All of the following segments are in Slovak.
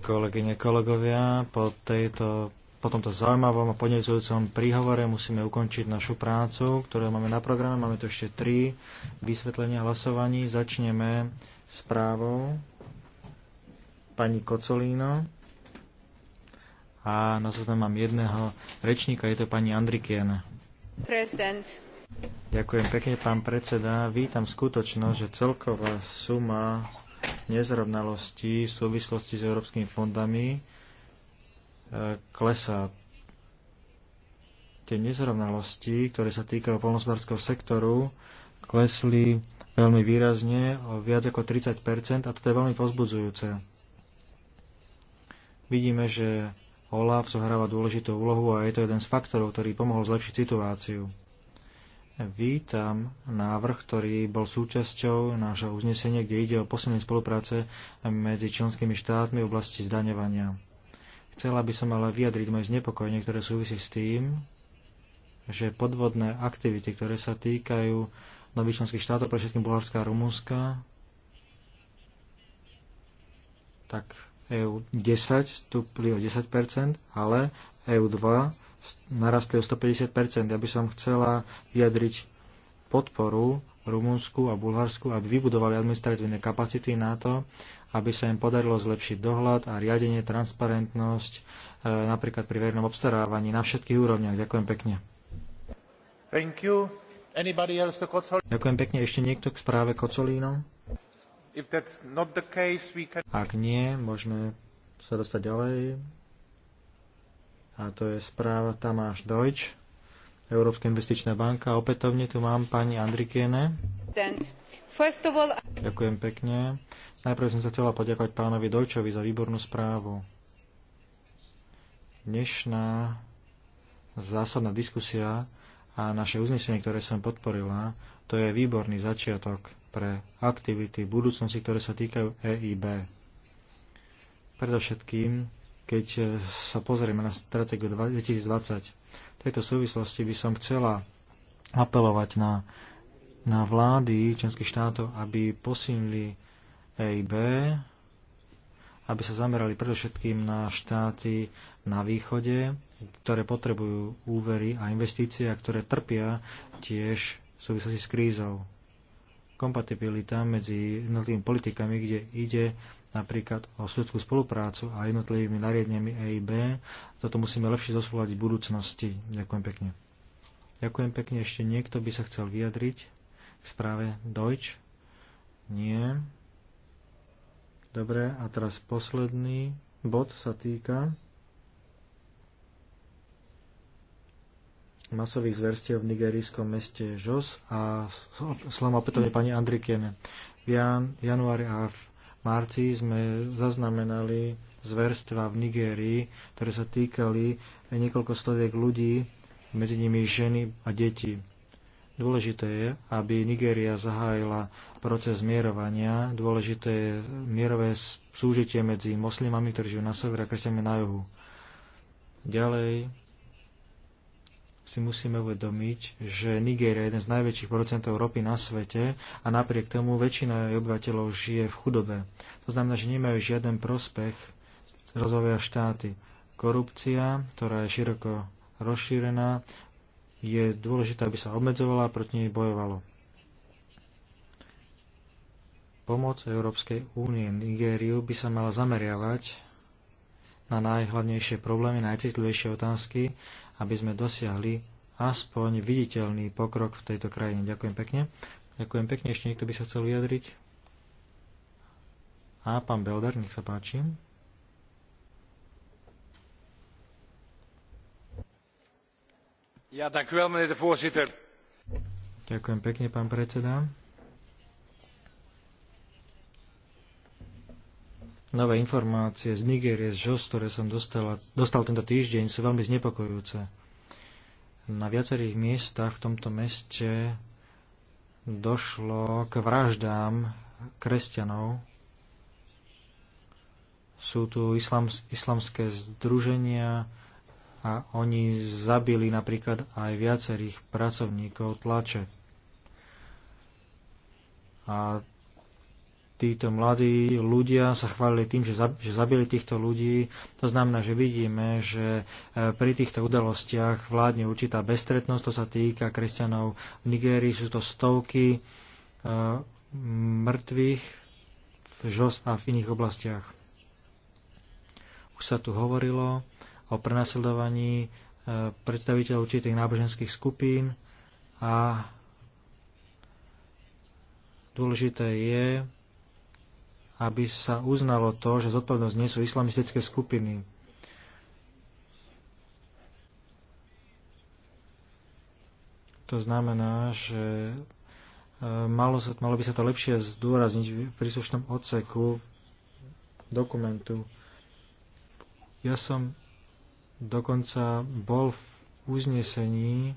Kolegyne, kolegovia, po, tejto, po tomto zaujímavom a podnecujúcom príhovore musíme ukončiť našu prácu, ktorú máme na programe. Máme tu ešte tri vysvetlenia hlasovaní. Začneme správou pani Kocolíno. A na zoznam mám jedného rečníka, je to pani Andrikien. President. Ďakujem pekne, pán predseda. Vítam skutočnosť, že celková suma nezrovnalostí v súvislosti s európskymi fondami e, klesá. Tie nezrovnalosti, ktoré sa týkajú polnospodárskeho sektoru, klesli veľmi výrazne o viac ako 30 a to je veľmi pozbudzujúce. Vidíme, že OLAF zohráva dôležitú úlohu a je to jeden z faktorov, ktorý pomohol zlepšiť situáciu. Vítam návrh, ktorý bol súčasťou nášho uznesenia, kde ide o posilnenie spolupráce medzi členskými štátmi v oblasti zdaňovania. Chcela by som ale vyjadriť moje znepokojenie, ktoré súvisí s tým, že podvodné aktivity, ktoré sa týkajú nových členských štátov, pre všetkým Bulharska a Rumúnska, tak EU10 stúpli o 10%, ale EU2 narastli o 150%. Ja by som chcela vyjadriť podporu Rumunsku a Bulharsku, aby vybudovali administratívne kapacity na to, aby sa im podarilo zlepšiť dohľad a riadenie, transparentnosť, e, napríklad pri verejnom obstarávaní na všetkých úrovniach. Ďakujem pekne. Ďakujem pekne. Ešte niekto k správe Kocolínom? Ak nie, môžeme sa dostať ďalej. A to je správa Tamáš Deutsch, Európska investičná banka. Opätovne tu mám pani Andrikiene. Ďakujem pekne. Najprv som sa chcela poďakovať pánovi Dojčovi za výbornú správu. Dnešná zásadná diskusia a naše uznesenie, ktoré som podporila, to je výborný začiatok pre aktivity v budúcnosti, ktoré sa týkajú EIB. Predovšetkým, keď sa pozrieme na stratégiu 2020, v tejto súvislosti by som chcela apelovať na, na vlády členských štátov, aby posilnili EIB, aby sa zamerali predovšetkým na štáty na východe, ktoré potrebujú úvery a investície a ktoré trpia tiež v súvislosti s krízou kompatibilita medzi jednotlivými politikami, kde ide napríklad o sudskú spoluprácu a jednotlivými nariadeniami EIB. Toto musíme lepšie zosúľadiť v budúcnosti. Ďakujem pekne. Ďakujem pekne. Ešte niekto by sa chcel vyjadriť k správe Deutsch? Nie. Dobre, a teraz posledný bod sa týka masových zverstiev v nigerijskom meste Jos a slovom opätovne pani Andrikene. V jan, januári a v marci sme zaznamenali zverstva v Nigérii, ktoré sa týkali niekoľko stoviek ľudí, medzi nimi ženy a deti. Dôležité je, aby Nigéria zahájila proces mierovania. Dôležité je mierové súžitie medzi moslimami, ktorí žijú na severe a kresťanmi na juhu. Ďalej si musíme uvedomiť, že Nigéria je jeden z najväčších producentov ropy na svete a napriek tomu väčšina jej obyvateľov žije v chudobe. To znamená, že nemajú žiaden prospech rozvoja štáty. Korupcia, ktorá je široko rozšírená, je dôležité, aby sa obmedzovala a proti nej bojovalo. Pomoc Európskej únie Nigériu by sa mala zameriavať na najhlavnejšie problémy, najcitlivejšie otázky, aby sme dosiahli aspoň viditeľný pokrok v tejto krajine. Ďakujem pekne. Ďakujem pekne. Ešte niekto by sa chcel vyjadriť? A pán Belder, nech sa páči. Ja, dank u wel, meneer de voorzitter. Ďakujem pekne, pán predseda. nové informácie z Nigérie, z ŽOS, ktoré som dostala, dostal tento týždeň, sú veľmi znepokojujúce. Na viacerých miestach v tomto meste došlo k vraždám kresťanov. Sú tu islams, islamské združenia a oni zabili napríklad aj viacerých pracovníkov tlače. A títo mladí ľudia sa chválili tým, že, zabili týchto ľudí. To znamená, že vidíme, že e, pri týchto udalostiach vládne určitá bestretnosť, to sa týka kresťanov v Nigérii, sú to stovky e, mŕtvych v Žos a v iných oblastiach. Už sa tu hovorilo o prenasledovaní e, predstaviteľov určitých náboženských skupín a dôležité je, aby sa uznalo to, že zodpovednosť nie sú islamistické skupiny. To znamená, že e, malo, sa, malo by sa to lepšie zdôrazniť v príslušnom odseku dokumentu. Ja som dokonca bol v uznesení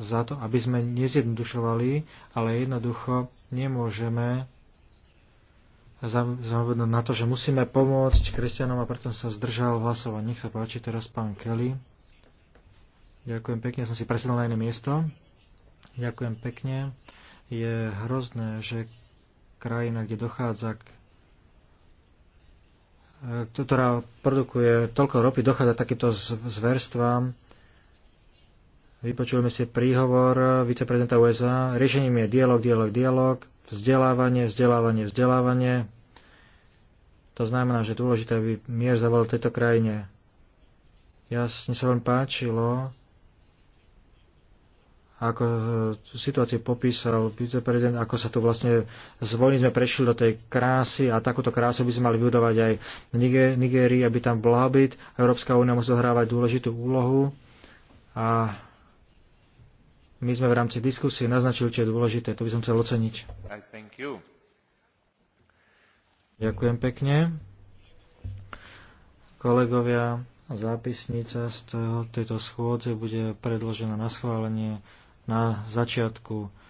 za to, aby sme nezjednodušovali, ale jednoducho nemôžeme zaujímavé na to, že musíme pomôcť kresťanom a preto sa zdržal hlasovať. Nech sa páči teraz pán Kelly. Ďakujem pekne, som si presedol na iné miesto. Ďakujem pekne. Je hrozné, že krajina, kde dochádza k e, ktorá produkuje toľko ropy, dochádza takýmto zverstvám. Vypočujeme si príhovor viceprezidenta USA. Riešením je dialog, dialog, dialog, vzdelávanie, vzdelávanie, vzdelávanie. To znamená, že dôležité, aby mier zavolal v tejto krajine. Jasne sa vám páčilo, ako situáciu popísal viceprezident, ako sa tu vlastne z vojny sme prešli do tej krásy a takúto krásu by sme mali vybudovať aj v Nigérii, aby tam bola byť, Európska únia musí zohrávať dôležitú úlohu a my sme v rámci diskusie naznačili, čo je dôležité. To by som chcel oceniť. Ďakujem pekne. Kolegovia, zápisnica z toho, tejto schôdze bude predložená na schválenie na začiatku